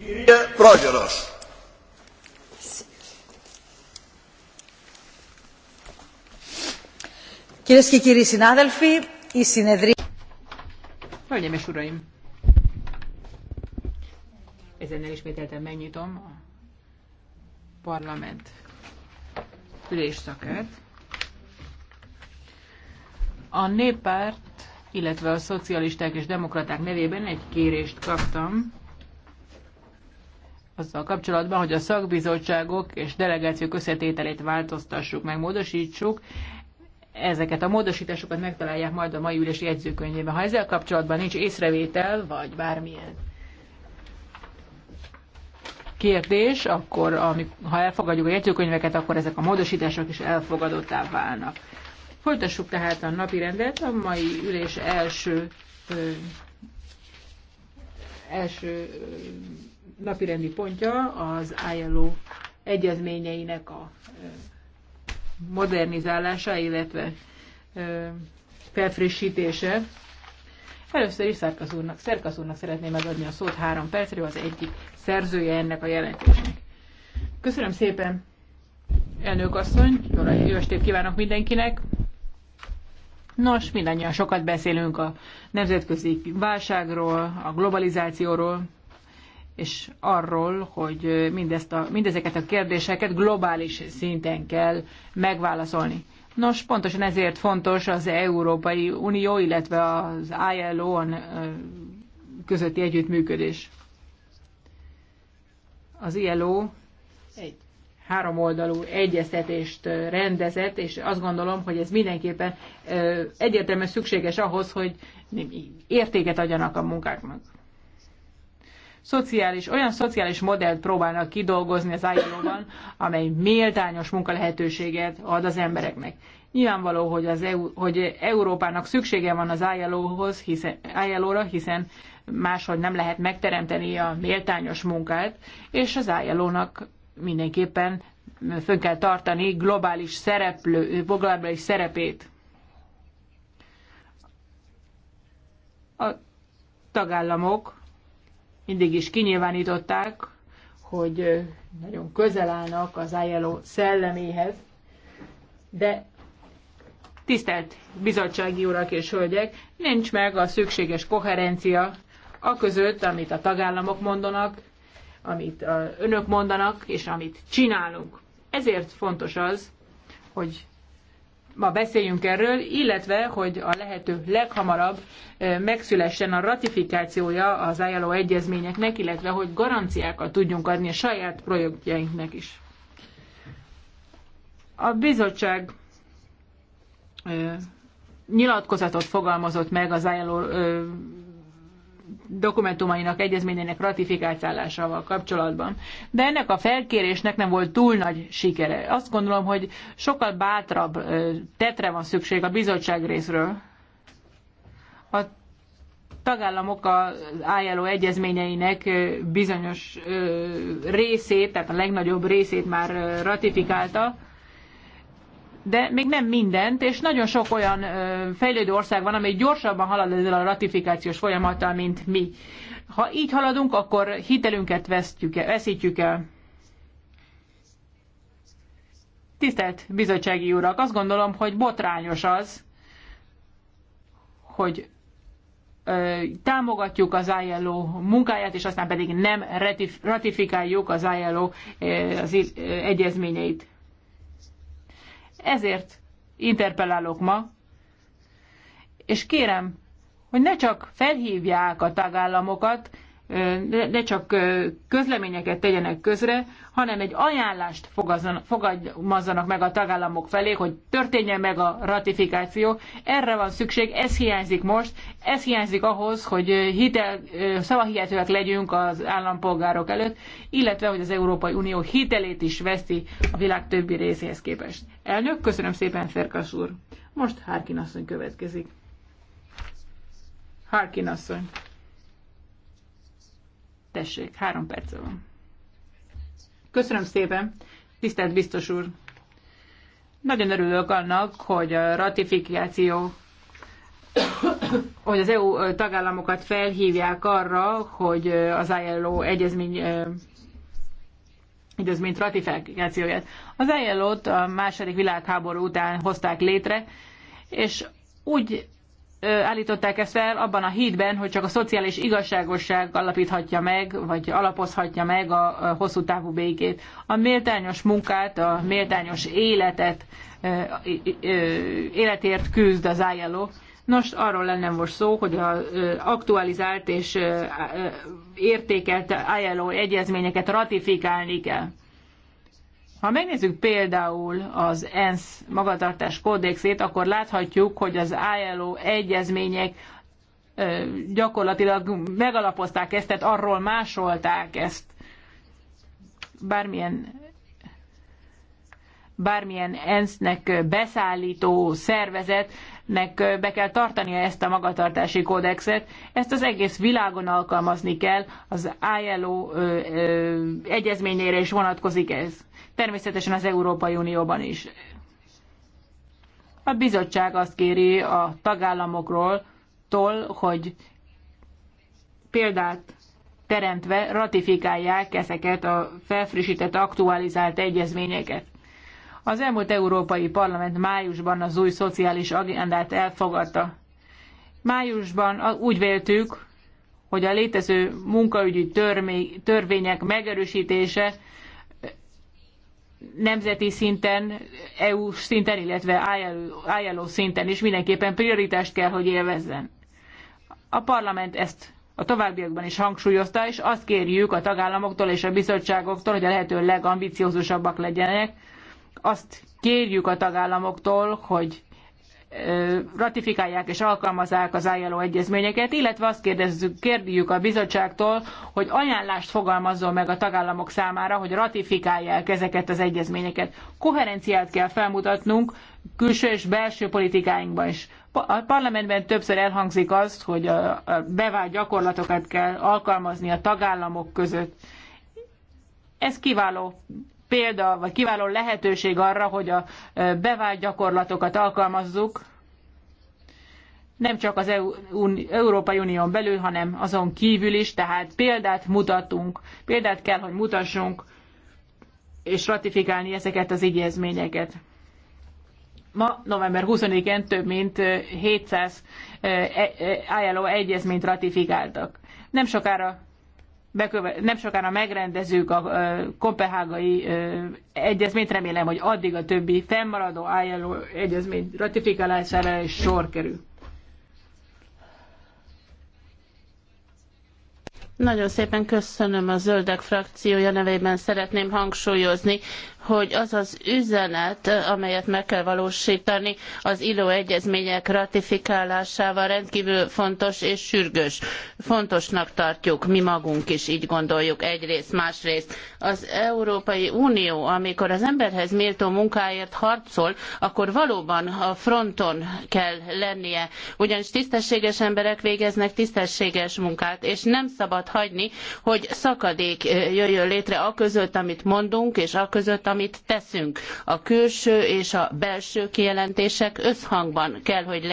κυρία Πρόγερος. Κυρίες και κύριοι συνάδελφοι, η συνεδρία... Hölgyeim és Uraim! Ezen ismételten megnyitom a parlament ülésszakát. A néppárt, illetve a szocialisták és demokraták nevében egy kérést kaptam, azzal kapcsolatban, hogy a szakbizottságok és delegációk összetételét változtassuk meg, módosítsuk. Ezeket a módosításokat megtalálják majd a mai ülés jegyzőkönyvében. Ha ezzel kapcsolatban nincs észrevétel, vagy bármilyen kérdés, akkor ami, ha elfogadjuk a jegyzőkönyveket, akkor ezek a módosítások is elfogadottá válnak. Folytassuk tehát a napi rendet, a mai ülés első ö, első ö, napirendi pontja az ILO egyezményeinek a modernizálása, illetve felfrissítése. Először is Szerkasz úrnak, Szerkasz úrnak szeretném megadni a szót három percre, az egyik szerzője ennek a jelentésnek. Köszönöm szépen, elnök asszony, jó estét kívánok mindenkinek. Nos, mindannyian sokat beszélünk a nemzetközi válságról, a globalizációról, és arról, hogy mindezt a, mindezeket a kérdéseket globális szinten kell megválaszolni. Nos, pontosan ezért fontos az Európai Unió, illetve az ilo közötti együttműködés. Az ILO egy háromoldalú egyeztetést rendezett, és azt gondolom, hogy ez mindenképpen egyértelműen szükséges ahhoz, hogy értéket adjanak a munkáknak szociális, olyan szociális modellt próbálnak kidolgozni az ILO-ban, amely méltányos munkalehetőséget ad az embereknek. Nyilvánvaló, hogy, az EU, hogy Európának szüksége van az ILO-hoz, hiszen, ILO-ra, hiszen máshogy nem lehet megteremteni a méltányos munkát, és az ILO-nak mindenképpen fönn kell tartani globális, szereplő, globális szerepét. A tagállamok mindig is kinyilvánították, hogy nagyon közel állnak az ILO szelleméhez, de tisztelt bizottsági urak és hölgyek, nincs meg a szükséges koherencia a között, amit a tagállamok mondanak, amit önök mondanak, és amit csinálunk. Ezért fontos az, hogy ma beszéljünk erről, illetve, hogy a lehető leghamarabb megszülessen a ratifikációja az ILO egyezményeknek, illetve, hogy garanciákat tudjunk adni a saját projektjeinknek is. A bizottság nyilatkozatot fogalmazott meg az ILO dokumentumainak, egyezményének ratifikálásával kapcsolatban. De ennek a felkérésnek nem volt túl nagy sikere. Azt gondolom, hogy sokkal bátrabb tetre van szükség a bizottság részről. A tagállamok az ILO egyezményeinek bizonyos részét, tehát a legnagyobb részét már ratifikálta, de még nem mindent, és nagyon sok olyan ö, fejlődő ország van, amely gyorsabban halad ezzel a ratifikációs folyamattal, mint mi. Ha így haladunk, akkor hitelünket vesztjük el, veszítjük el. Tisztelt bizottsági urak, azt gondolom, hogy botrányos az, hogy ö, támogatjuk az ILO munkáját, és aztán pedig nem ratif, ratifikáljuk az ILO ö, az ö, egyezményeit. Ezért interpellálok ma, és kérem, hogy ne csak felhívják a tagállamokat, ne, csak közleményeket tegyenek közre, hanem egy ajánlást fogalmazzanak meg a tagállamok felé, hogy történjen meg a ratifikáció. Erre van szükség, ez hiányzik most, ez hiányzik ahhoz, hogy hitel, szavahihetőek legyünk az állampolgárok előtt, illetve hogy az Európai Unió hitelét is veszi a világ többi részéhez képest. Elnök, köszönöm szépen, Ferkas úr. Most Harkin asszony következik. Harkin asszony. Tessék, három perc van. Köszönöm szépen, tisztelt biztos úr. Nagyon örülök annak, hogy a ratifikáció hogy az EU tagállamokat felhívják arra, hogy az ILO egyezmény egyezményt ratifikációját. Az ILO-t a második világháború után hozták létre, és úgy állították ezt fel abban a hídben, hogy csak a szociális igazságosság alapíthatja meg, vagy alapozhatja meg a hosszú távú békét. A méltányos munkát, a méltányos életet, életért küzd az ILO. Nos, arról lenne most szó, hogy az aktualizált és értékelt ILO egyezményeket ratifikálni kell. Ha megnézzük például az ENSZ magatartás kódexét, akkor láthatjuk, hogy az ILO egyezmények gyakorlatilag megalapozták ezt, tehát arról másolták ezt. Bármilyen bármilyen ENSZ-nek beszállító szervezet nek be kell tartania ezt a magatartási kódexet, ezt az egész világon alkalmazni kell, az ILO ö, ö, egyezményére is vonatkozik ez. Természetesen az Európai Unióban is. A bizottság azt kéri a tagállamokról, tól, hogy példát teremtve ratifikálják ezeket a felfrissített, aktualizált egyezményeket. Az elmúlt Európai Parlament májusban az új szociális agendát elfogadta. Májusban úgy véltük, hogy a létező munkaügyi törvények megerősítése nemzeti szinten, EU szinten, illetve ILO szinten is mindenképpen prioritást kell, hogy élvezzen. A parlament ezt a továbbiakban is hangsúlyozta, és azt kérjük a tagállamoktól és a bizottságoktól, hogy a lehető legambiciózusabbak legyenek, azt kérjük a tagállamoktól, hogy ratifikálják és alkalmazzák az ILO egyezményeket, illetve azt kérdezzük, kérdjük a bizottságtól, hogy ajánlást fogalmazzon meg a tagállamok számára, hogy ratifikálják ezeket az egyezményeket. Koherenciát kell felmutatnunk külső és belső politikáinkban is. A parlamentben többször elhangzik azt, hogy a bevált gyakorlatokat kell alkalmazni a tagállamok között. Ez kiváló példa, vagy kiváló lehetőség arra, hogy a bevált gyakorlatokat alkalmazzuk, nem csak az Európai Unión belül, hanem azon kívül is, tehát példát mutatunk, példát kell, hogy mutassunk, és ratifikálni ezeket az egyezményeket. Ma november 20-én több mint 700 e, ILO egyezményt ratifikáltak. Nem sokára beköve- nem sokára megrendezzük a kopenhágai egyezményt, remélem, hogy addig a többi fennmaradó ILO egyezmény ratifikálására is sor kerül. Nagyon szépen köszönöm a zöldek frakciója nevében szeretném hangsúlyozni, hogy az az üzenet, amelyet meg kell valósítani az ILO egyezmények ratifikálásával rendkívül fontos és sürgős. Fontosnak tartjuk, mi magunk is így gondoljuk egyrészt, másrészt. Az Európai Unió, amikor az emberhez méltó munkáért harcol, akkor valóban a fronton kell lennie, ugyanis tisztességes emberek végeznek tisztességes munkát, és nem szabad hagyni, hogy szakadék eh, jöjjön létre a között, amit mondunk, és a között, amit teszünk. A külső és a belső kijelentések összhangban kell, hogy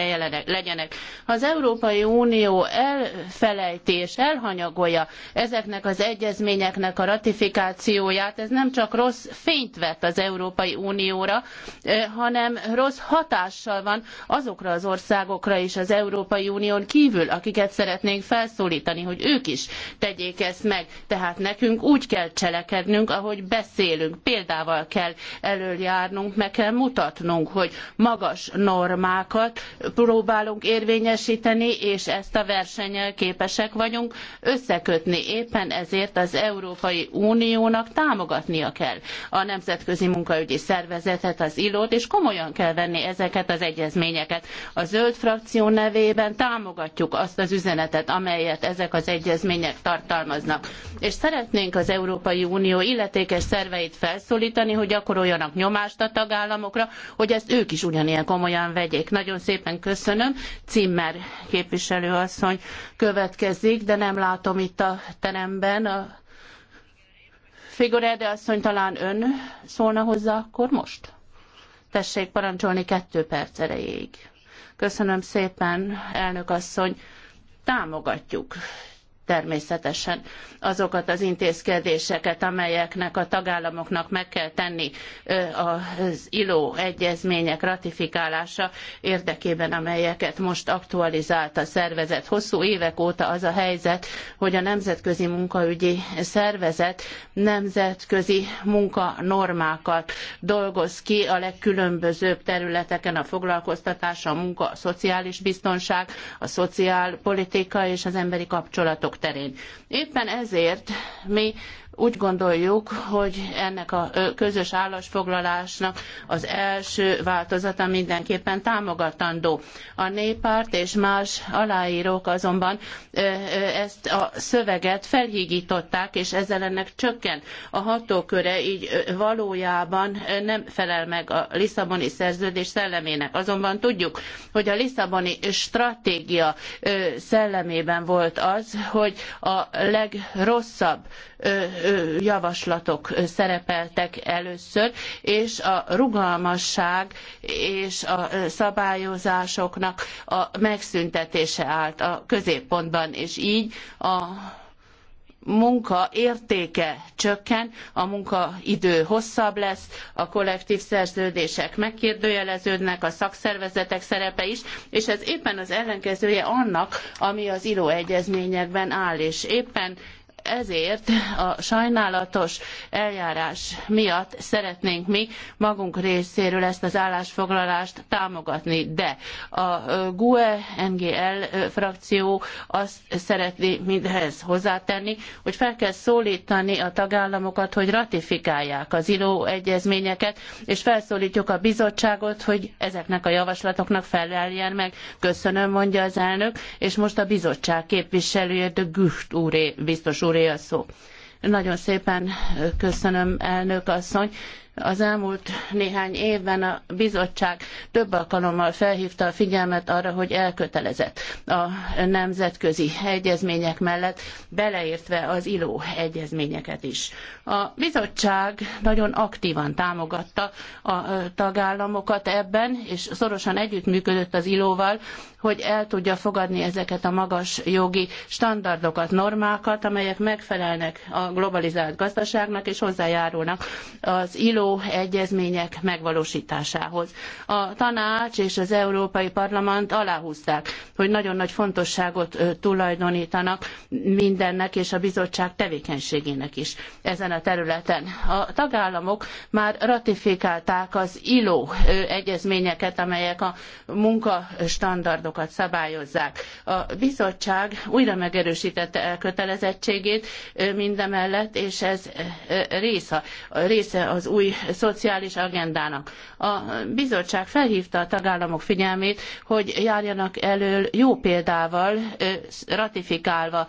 legyenek. Ha az Európai Unió elfelejti és elhanyagolja ezeknek az egyezményeknek a ratifikációját, ez nem csak rossz fényt vet az Európai Unióra, eh, hanem rossz hatással van azokra az országokra is az Európai Unión kívül, akiket szeretnénk felszólítani, hogy ők is tegyék ezt meg. Tehát nekünk úgy kell cselekednünk, ahogy beszélünk, például normával kell elöljárnunk, meg kell mutatnunk, hogy magas normákat próbálunk érvényesíteni, és ezt a versennyel képesek vagyunk összekötni. Éppen ezért az Európai Uniónak támogatnia kell a Nemzetközi Munkaügyi Szervezetet, az ILO-t, és komolyan kell venni ezeket az egyezményeket. A zöld frakció nevében támogatjuk azt az üzenetet, amelyet ezek az egyezmények tartalmaznak. És szeretnénk az Európai Unió illetékes szerveit felszólítani, biztosítani, hogy gyakoroljanak nyomást a tagállamokra, hogy ezt ők is ugyanilyen komolyan vegyék. Nagyon szépen köszönöm. Cimmer képviselőasszony következik, de nem látom itt a teremben. A Figurede asszony talán ön szólna hozzá akkor most? Tessék parancsolni kettő perc erejéig. Köszönöm szépen, elnök asszony. Támogatjuk természetesen azokat az intézkedéseket, amelyeknek a tagállamoknak meg kell tenni az ILO egyezmények ratifikálása érdekében, amelyeket most aktualizált a szervezet. Hosszú évek óta az a helyzet, hogy a Nemzetközi Munkaügyi Szervezet nemzetközi munkanormákat dolgoz ki a legkülönbözőbb területeken a foglalkoztatás, a munka, a szociális biztonság, a szociálpolitika és az emberi kapcsolatok terén. Éppen ezért mi úgy gondoljuk, hogy ennek a közös állásfoglalásnak az első változata mindenképpen támogatandó. A néppárt és más aláírók azonban ezt a szöveget felhígították, és ezzel ennek csökken a hatóköre, így valójában nem felel meg a Lisszaboni szerződés szellemének. Azonban tudjuk, hogy a Lisszaboni stratégia szellemében volt az, hogy a legrosszabb javaslatok szerepeltek először, és a rugalmasság és a szabályozásoknak a megszüntetése állt a középpontban, és így a munka értéke csökken, a munkaidő hosszabb lesz, a kollektív szerződések megkérdőjeleződnek, a szakszervezetek szerepe is, és ez éppen az ellenkezője annak, ami az ILO egyezményekben áll, és éppen ezért a sajnálatos eljárás miatt szeretnénk mi magunk részéről ezt az állásfoglalást támogatni, de a GUE NGL frakció azt szeretné mindhez hozzátenni, hogy fel kell szólítani a tagállamokat, hogy ratifikálják az ILO egyezményeket, és felszólítjuk a bizottságot, hogy ezeknek a javaslatoknak feleljen meg. Köszönöm, mondja az elnök, és most a bizottság képviselője, de Gücht úré, biztos úr úré szó. Nagyon szépen köszönöm, elnök asszony. Az elmúlt néhány évben a bizottság több alkalommal felhívta a figyelmet arra, hogy elkötelezett a nemzetközi egyezmények mellett, beleértve az ILO egyezményeket is. A bizottság nagyon aktívan támogatta a tagállamokat ebben, és szorosan együttműködött az ILO-val, hogy el tudja fogadni ezeket a magas jogi standardokat, normákat, amelyek megfelelnek a globalizált gazdaságnak és hozzájárulnak az ILO ILO egyezmények megvalósításához. A tanács és az Európai Parlament aláhúzták, hogy nagyon nagy fontosságot tulajdonítanak mindennek és a bizottság tevékenységének is ezen a területen. A tagállamok már ratifikálták az ILO egyezményeket, amelyek a munkastandardokat szabályozzák. A bizottság újra megerősítette elkötelezettségét mindemellett, és ez része, része az új szociális agendának. A bizottság felhívta a tagállamok figyelmét, hogy járjanak elől jó példával, ratifikálva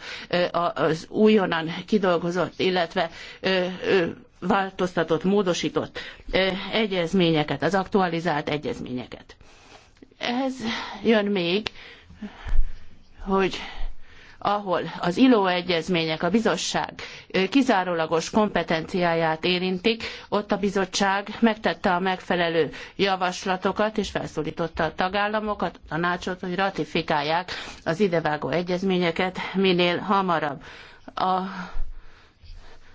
az újonnan kidolgozott, illetve változtatott, módosított egyezményeket, az aktualizált egyezményeket. Ehhez jön még, hogy ahol az ILO egyezmények, a bizottság kizárólagos kompetenciáját érintik, ott a bizottság megtette a megfelelő javaslatokat, és felszólította a tagállamokat, a tanácsot, hogy ratifikálják az idevágó egyezményeket minél hamarabb. A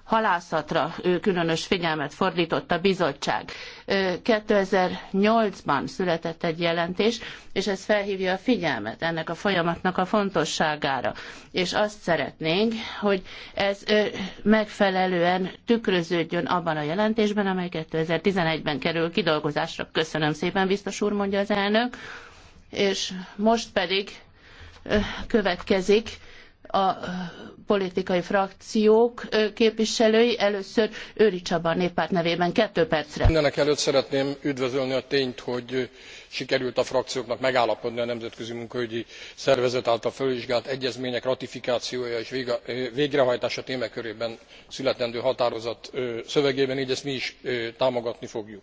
halászatra különös figyelmet fordított a bizottság. 2008-ban született egy jelentés, és ez felhívja a figyelmet ennek a folyamatnak a fontosságára. És azt szeretnénk, hogy ez megfelelően tükröződjön abban a jelentésben, amely 2011-ben kerül kidolgozásra. Köszönöm szépen, biztos úr, mondja az elnök. És most pedig következik a politikai frakciók képviselői. Először Őri Csaba néppárt nevében kettő percre. Mindenek előtt szeretném üdvözölni a tényt, hogy sikerült a frakcióknak megállapodni a Nemzetközi Munkaügyi Szervezet által felvizsgált egyezmények ratifikációja és végrehajtása témakörében születendő határozat szövegében, így ezt mi is támogatni fogjuk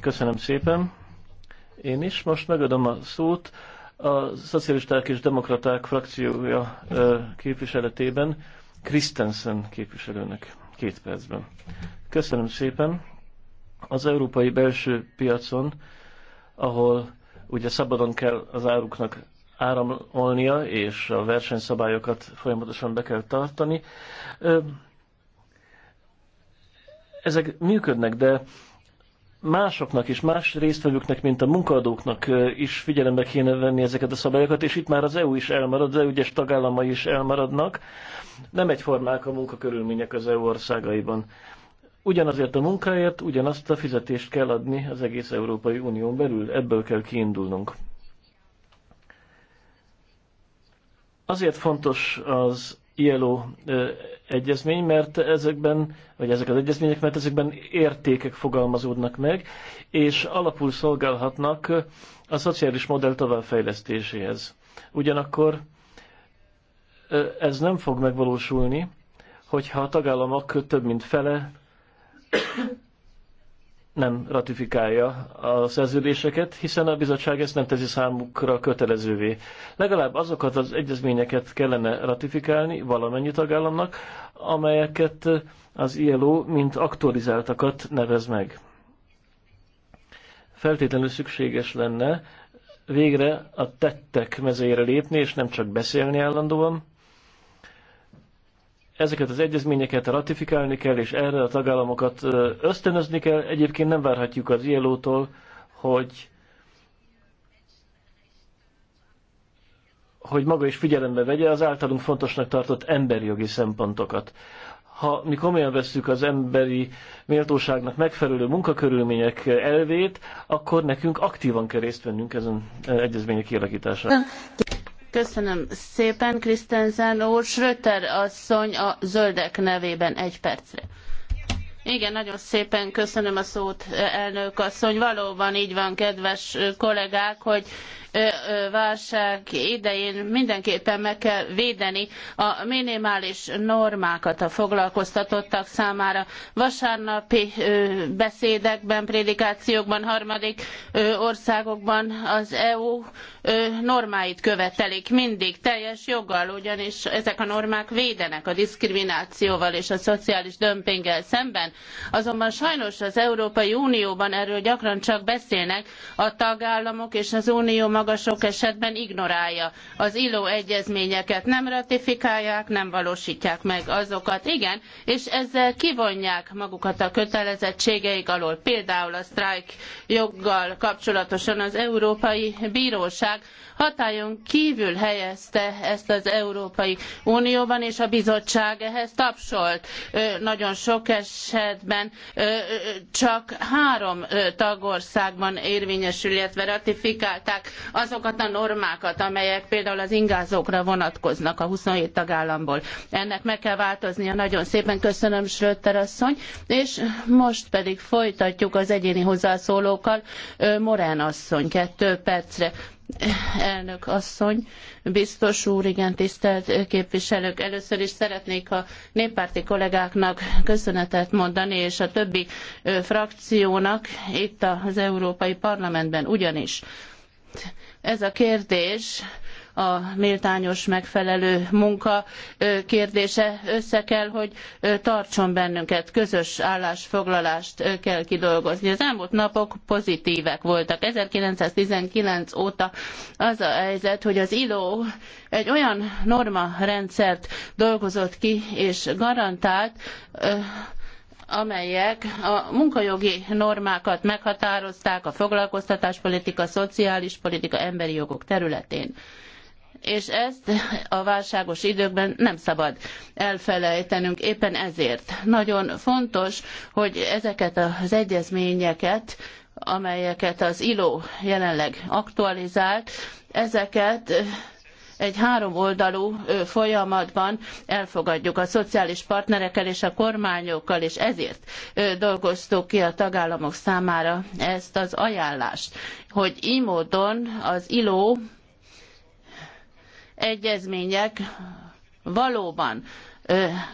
Köszönöm szépen. Én is most megadom a szót a Szocialisták és Demokraták frakciója képviseletében Christensen képviselőnek két percben. Köszönöm szépen. Az európai belső piacon, ahol ugye szabadon kell az áruknak áramolnia, és a versenyszabályokat folyamatosan be kell tartani, ezek működnek, de másoknak is, más résztvevőknek, mint a munkaadóknak is figyelembe kéne venni ezeket a szabályokat, és itt már az EU is elmarad, az EU es tagállamai is elmaradnak. Nem egyformák a munkakörülmények az EU országaiban. Ugyanazért a munkáért ugyanazt a fizetést kell adni az egész Európai Unión belül, ebből kell kiindulnunk. Azért fontos az ILO egyezmény, mert ezekben, vagy ezek az egyezmények, mert ezekben értékek fogalmazódnak meg, és alapul szolgálhatnak a szociális modell továbbfejlesztéséhez. Ugyanakkor ez nem fog megvalósulni, hogyha a tagállamok több mint fele nem ratifikálja a szerződéseket, hiszen a bizottság ezt nem teszi számukra kötelezővé. Legalább azokat az egyezményeket kellene ratifikálni valamennyi tagállamnak, amelyeket az ILO mint aktualizáltakat nevez meg. Feltétlenül szükséges lenne végre a tettek mezeire lépni, és nem csak beszélni állandóan, Ezeket az egyezményeket ratifikálni kell, és erre a tagállamokat ösztönözni kell. Egyébként nem várhatjuk az ILO-tól, hogy hogy maga is figyelembe vegye az általunk fontosnak tartott emberi jogi szempontokat. Ha mi komolyan vesszük az emberi méltóságnak megfelelő munkakörülmények elvét, akkor nekünk aktívan kell részt vennünk ezen egyezmények kialakításában. Köszönöm szépen, Krisztenzen úr. Schröter asszony a zöldek nevében egy percre. Igen, nagyon szépen köszönöm a szót, elnök asszony. Valóban így van, kedves kollégák, hogy válság idején mindenképpen meg kell védeni a minimális normákat a foglalkoztatottak számára. Vasárnapi beszédekben, prédikációkban, harmadik országokban az EU normáit követelik mindig teljes joggal, ugyanis ezek a normák védenek a diszkriminációval és a szociális dömpinggel szemben. Azonban sajnos az Európai Unióban erről gyakran csak beszélnek, a tagállamok és az Unió maga sok esetben ignorálja. Az ILO egyezményeket nem ratifikálják, nem valósítják meg azokat. Igen, és ezzel kivonják magukat a kötelezettségeik alól, például a sztrájk joggal kapcsolatosan az Európai Bíróság Magyarország hatályon kívül helyezte ezt az Európai Unióban, és a bizottság ehhez tapsolt. Nagyon sok esetben csak három tagországban érvényesül, illetve ratifikálták azokat a normákat, amelyek például az ingázókra vonatkoznak a 27 tagállamból. Ennek meg kell változnia. Nagyon szépen köszönöm, Schröter asszony. És most pedig folytatjuk az egyéni hozzászólókkal. Morán asszony, kettő percre. Elnök asszony, biztos úr, igen, tisztelt képviselők. Először is szeretnék a néppárti kollégáknak köszönetet mondani, és a többi frakciónak itt az Európai Parlamentben ugyanis. Ez a kérdés a méltányos megfelelő munka kérdése össze kell, hogy tartson bennünket, közös állásfoglalást kell kidolgozni. Az elmúlt napok pozitívek voltak. 1919 óta az a helyzet, hogy az ILO egy olyan normarendszert dolgozott ki és garantált, amelyek a munkajogi normákat meghatározták a foglalkoztatáspolitika, szociális politika, emberi jogok területén és ezt a válságos időkben nem szabad elfelejtenünk. Éppen ezért nagyon fontos, hogy ezeket az egyezményeket amelyeket az ILO jelenleg aktualizált, ezeket egy háromoldalú folyamatban elfogadjuk a szociális partnerekkel és a kormányokkal, és ezért dolgoztuk ki a tagállamok számára ezt az ajánlást, hogy így módon az ILO egyezmények valóban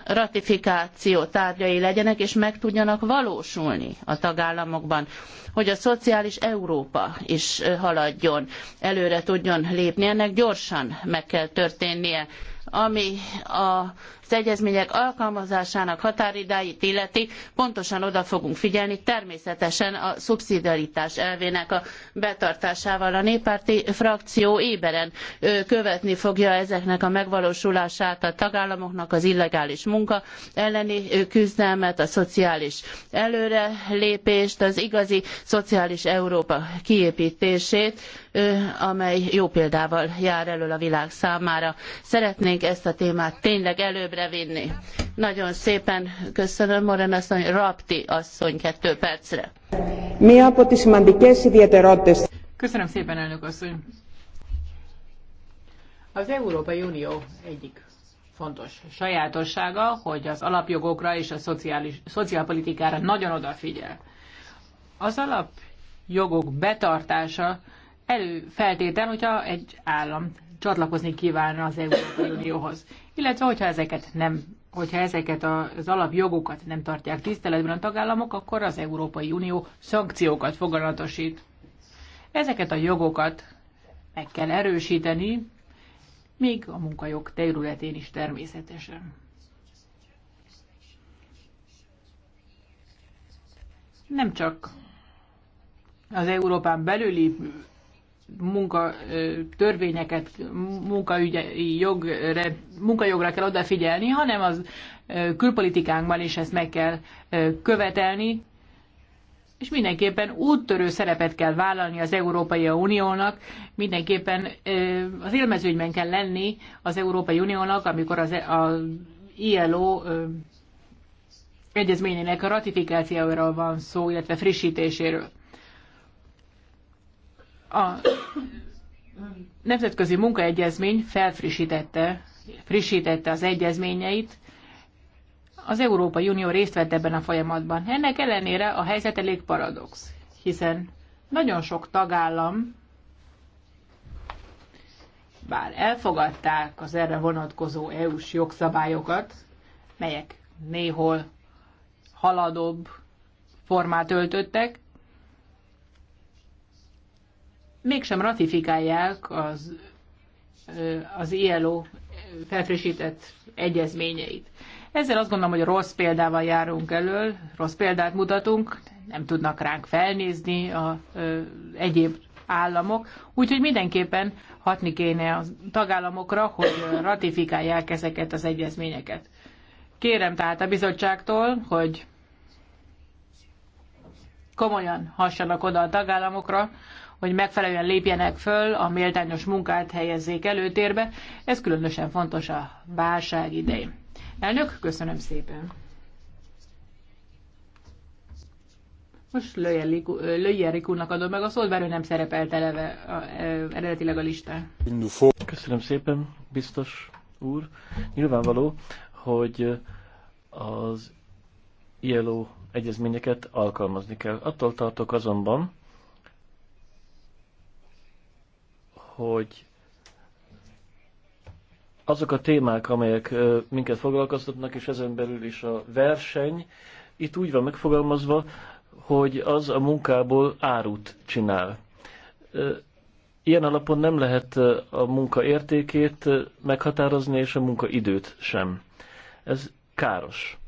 ratifikáció tárgyai legyenek, és meg tudjanak valósulni a tagállamokban, hogy a szociális Európa is haladjon, előre tudjon lépni, ennek gyorsan meg kell történnie. Ami a az egyezmények alkalmazásának határidáit illeti, pontosan oda fogunk figyelni, természetesen a szubszidiaritás elvének a betartásával. A néppárti frakció éberen követni fogja ezeknek a megvalósulását, a tagállamoknak az illegális munka elleni küzdelmet, a szociális előrelépést, az igazi szociális Európa kiépítését, amely jó példával jár elől a világ számára. Szeretnénk ezt a témát tényleg előbbre előbbre vinni. Nagyon szépen köszönöm, Moren asszony, Rapti asszony kettő percre. Mi a potis mandikés Köszönöm szépen, elnök asszony. Az Európai Unió egyik fontos sajátossága, hogy az alapjogokra és a szociális, szociálpolitikára nagyon odafigyel. Az alapjogok betartása előfeltétel, hogyha egy állam csatlakozni kívánna az Európai Unióhoz illetve hogyha ezeket nem hogyha ezeket az alapjogokat nem tartják tiszteletben a tagállamok, akkor az Európai Unió szankciókat foganatosít. Ezeket a jogokat meg kell erősíteni, még a munkajog területén is természetesen. Nem csak az Európán belüli munka törvényeket, munkaügyi jogre, munkajogra kell odafigyelni, hanem az külpolitikánkban is ezt meg kell követelni, és mindenképpen úttörő szerepet kell vállalni az Európai Uniónak, mindenképpen az élmezőnyben kell lenni az Európai Uniónak, amikor az a ILO egyezményének a ratifikációról van szó, illetve frissítéséről. A Nemzetközi Munkaegyezmény felfrissítette frissítette az egyezményeit, az Európai Unió részt vett ebben a folyamatban. Ennek ellenére a helyzet elég paradox, hiszen nagyon sok tagállam, bár elfogadták az erre vonatkozó EU-s jogszabályokat, melyek néhol haladóbb formát öltöttek, mégsem ratifikálják az, az ILO felfrissített egyezményeit. Ezzel azt gondolom, hogy rossz példával járunk elől, rossz példát mutatunk, nem tudnak ránk felnézni a egyéb államok, úgyhogy mindenképpen hatni kéne a tagállamokra, hogy ratifikálják ezeket az egyezményeket. Kérem tehát a bizottságtól, hogy komolyan hassanak oda a tagállamokra, hogy megfelelően lépjenek föl, a méltányos munkát helyezzék előtérbe. Ez különösen fontos a válság idején. Elnök, köszönöm szépen! Most Löjjerik úrnak adom meg a szót, bár ő nem szerepelt eleve a, a, e, eredetileg a listán. Köszönöm szépen, biztos úr. Nyilvánvaló, hogy az ILO egyezményeket alkalmazni kell. Attól tartok azonban, hogy azok a témák, amelyek minket foglalkoztatnak, és ezen belül is a verseny, itt úgy van megfogalmazva, hogy az a munkából árut csinál. Ilyen alapon nem lehet a munka értékét meghatározni, és a munka időt sem. Ez káros.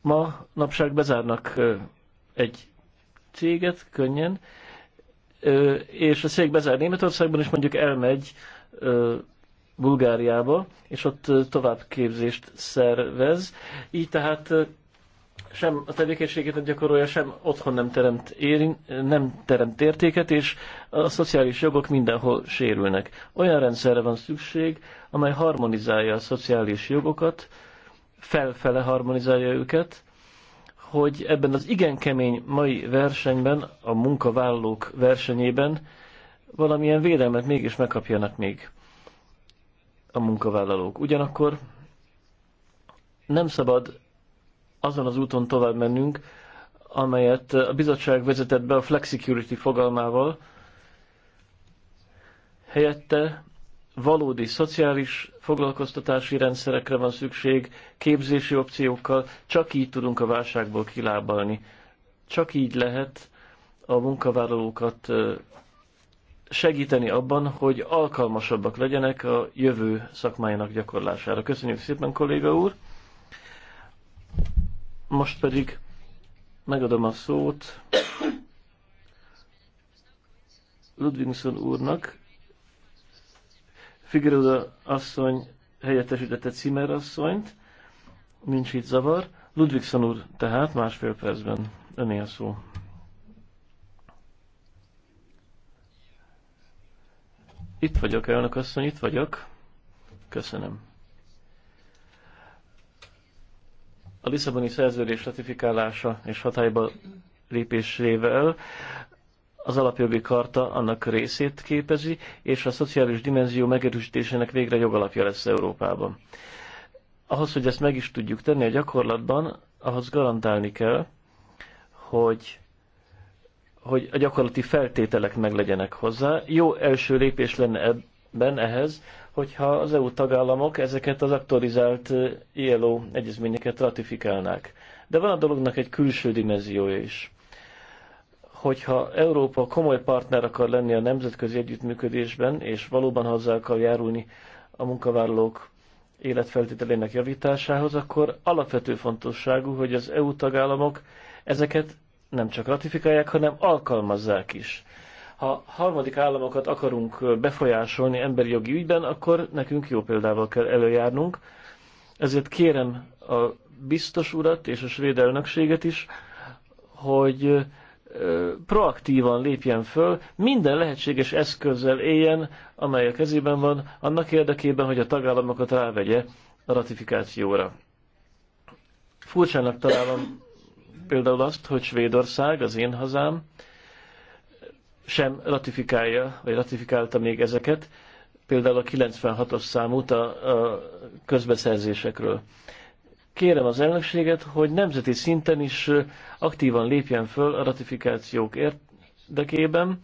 Ma napság bezárnak egy céget könnyen, és a cég bezár Németországban, és mondjuk elmegy Bulgáriába, és ott továbbképzést szervez. Így tehát sem a tevékenységét gyakorolja, sem otthon nem teremt, érin, nem teremt értéket, és a szociális jogok mindenhol sérülnek. Olyan rendszerre van szükség, amely harmonizálja a szociális jogokat, felfele harmonizálja őket, hogy ebben az igen kemény mai versenyben, a munkavállalók versenyében valamilyen védelmet mégis megkapjanak még a munkavállalók. Ugyanakkor nem szabad azon az úton tovább mennünk, amelyet a bizottság vezetett be a flexicurity fogalmával, helyette valódi szociális foglalkoztatási rendszerekre van szükség, képzési opciókkal, csak így tudunk a válságból kilábalni. Csak így lehet a munkavállalókat segíteni abban, hogy alkalmasabbak legyenek a jövő szakmájának gyakorlására. Köszönjük szépen, kolléga úr! Most pedig megadom a szót Ludvigson úrnak, Figueroa asszony helyettesítette Cimer asszonyt, nincs itt zavar. Ludvigson úr tehát másfél percben öné a szó. Itt vagyok, elnök asszony, itt vagyok. Köszönöm. A Lisszaboni szerződés ratifikálása és hatályba lépésével az alapjogi karta annak részét képezi, és a szociális dimenzió megerősítésének végre jogalapja lesz Európában. Ahhoz, hogy ezt meg is tudjuk tenni a gyakorlatban, ahhoz garantálni kell, hogy, hogy a gyakorlati feltételek meg legyenek hozzá. Jó első lépés lenne ebben ehhez, hogyha az EU tagállamok ezeket az aktualizált eh, ILO egyezményeket ratifikálnák. De van a dolognak egy külső dimenziója is hogyha Európa komoly partner akar lenni a nemzetközi együttműködésben, és valóban hozzá akar járulni a munkavállalók életfeltételének javításához, akkor alapvető fontosságú, hogy az EU tagállamok ezeket nem csak ratifikálják, hanem alkalmazzák is. Ha harmadik államokat akarunk befolyásolni emberi jogi ügyben, akkor nekünk jó példával kell előjárnunk. Ezért kérem a biztos urat és a svéd elnökséget is, hogy proaktívan lépjen föl, minden lehetséges eszközzel éljen, amely a kezében van, annak érdekében, hogy a tagállamokat rávegye a ratifikációra. Furcsának találom például azt, hogy Svédország, az én hazám, sem ratifikálja, vagy ratifikálta még ezeket, például a 96-os számút a, a közbeszerzésekről kérem az elnökséget, hogy nemzeti szinten is aktívan lépjen föl a ratifikációk érdekében.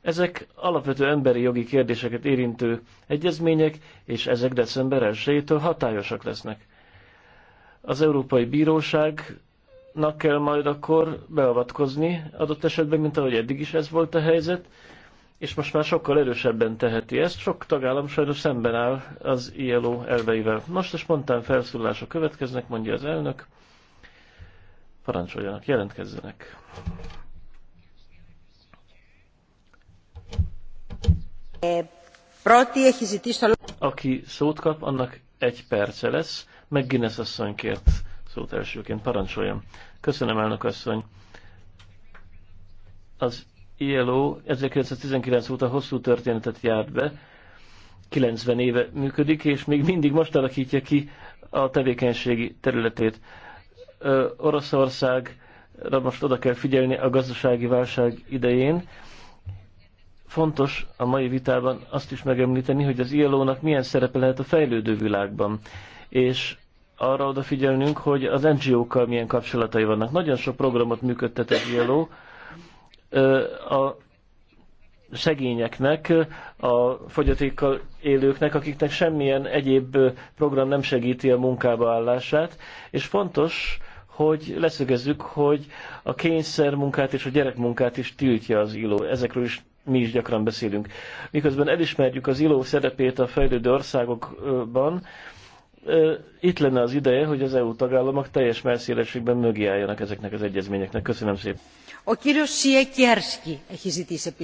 Ezek alapvető emberi jogi kérdéseket érintő egyezmények, és ezek december 1-től hatályosak lesznek. Az Európai Bíróságnak kell majd akkor beavatkozni adott esetben, mint ahogy eddig is ez volt a helyzet, és most már sokkal erősebben teheti ezt. Sok tagállam sajnos szemben áll az ILO elveivel. Most is mondtam, felszólások következnek, mondja az elnök. Parancsoljanak, jelentkezzenek. Aki szót kap, annak egy perce lesz. Meg Guinness asszony kért szót elsőként. Parancsoljam. Köszönöm, elnök asszony. Az ILO 1919 óta hosszú történetet járt be, 90 éve működik, és még mindig most alakítja ki a tevékenységi területét. Ö, Oroszországra most oda kell figyelni a gazdasági válság idején. Fontos a mai vitában azt is megemlíteni, hogy az ILO-nak milyen szerepe lehet a fejlődő világban, és arra odafigyelnünk, hogy az NGO-kkal milyen kapcsolatai vannak. Nagyon sok programot működtet az ILO, a szegényeknek, a fogyatékkal élőknek, akiknek semmilyen egyéb program nem segíti a munkába állását, és fontos, hogy leszögezzük, hogy a kényszer munkát és a gyerekmunkát is tiltja az ILO. Ezekről is mi is gyakran beszélünk. Miközben elismerjük az ILO szerepét a fejlődő országokban, itt lenne az ideje, hogy az EU tagállamok teljes merszélességben mögé álljanak ezeknek az egyezményeknek. Köszönöm szépen! Ο κύριος Σιεκέρσκι έχει ζητήσει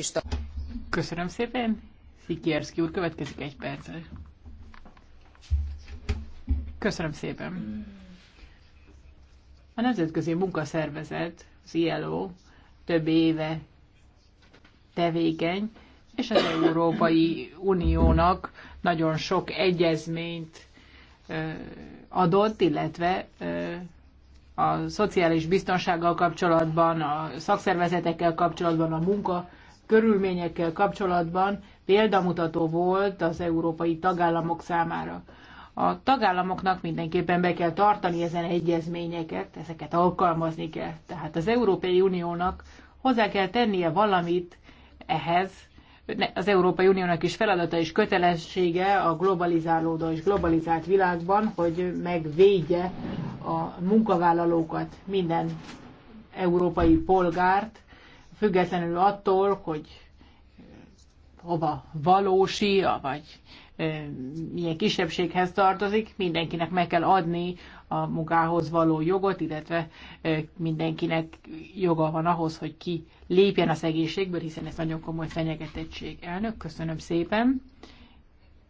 Köszönöm szépen. Szikierszki úr, következik egy perc. Köszönöm szépen. A Nemzetközi Munkaszervezet, az ILO, több éve tevékeny, és az Európai Uniónak nagyon sok egyezményt adott, illetve a szociális biztonsággal kapcsolatban, a szakszervezetekkel kapcsolatban, a munka körülményekkel kapcsolatban példamutató volt az európai tagállamok számára. A tagállamoknak mindenképpen be kell tartani ezen egyezményeket, ezeket alkalmazni kell. Tehát az Európai Uniónak hozzá kell tennie valamit ehhez, az Európai Uniónak is feladata és kötelessége a globalizálódó és globalizált világban, hogy megvédje a munkavállalókat, minden európai polgárt, függetlenül attól, hogy eh, hova valósia, vagy eh, milyen kisebbséghez tartozik, mindenkinek meg kell adni a munkához való jogot, illetve eh, mindenkinek joga van ahhoz, hogy ki lépjen a szegénységből, hiszen ez nagyon komoly fenyegetettség. Elnök, köszönöm szépen.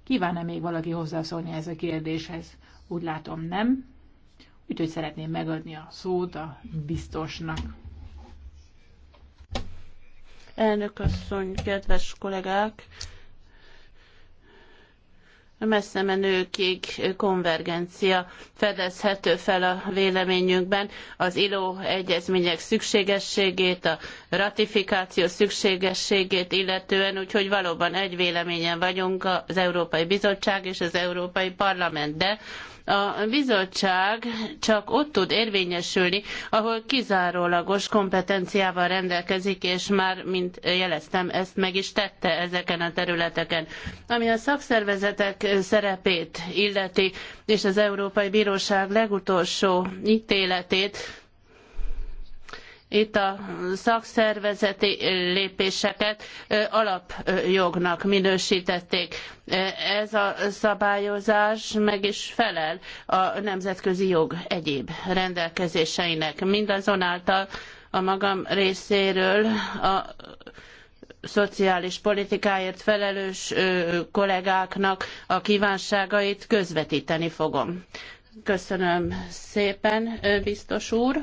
Kíván-e még valaki hozzászólni ez a kérdéshez? Úgy látom, nem. Úgyhogy szeretném megadni a szót a biztosnak. Elnök asszony, kedves kollégák! messze menőkig konvergencia fedezhető fel a véleményünkben, az ILO egyezmények szükségességét, a ratifikáció szükségességét illetően, úgyhogy valóban egy véleményen vagyunk az Európai Bizottság és az Európai Parlament, de a bizottság csak ott tud érvényesülni, ahol kizárólagos kompetenciával rendelkezik, és már, mint jeleztem, ezt meg is tette ezeken a területeken. Ami a szakszervezetek szerepét illeti, és az Európai Bíróság legutolsó ítéletét, itt a szakszervezeti lépéseket alapjognak minősítették. Ez a szabályozás meg is felel a nemzetközi jog egyéb rendelkezéseinek. Mindazonáltal a magam részéről a szociális politikáért felelős kollégáknak a kívánságait közvetíteni fogom. Köszönöm szépen, biztos úr.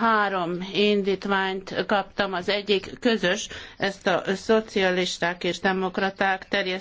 három indítványt kaptam, az egyik közös, ezt a szocialisták és demokraták terjesztették.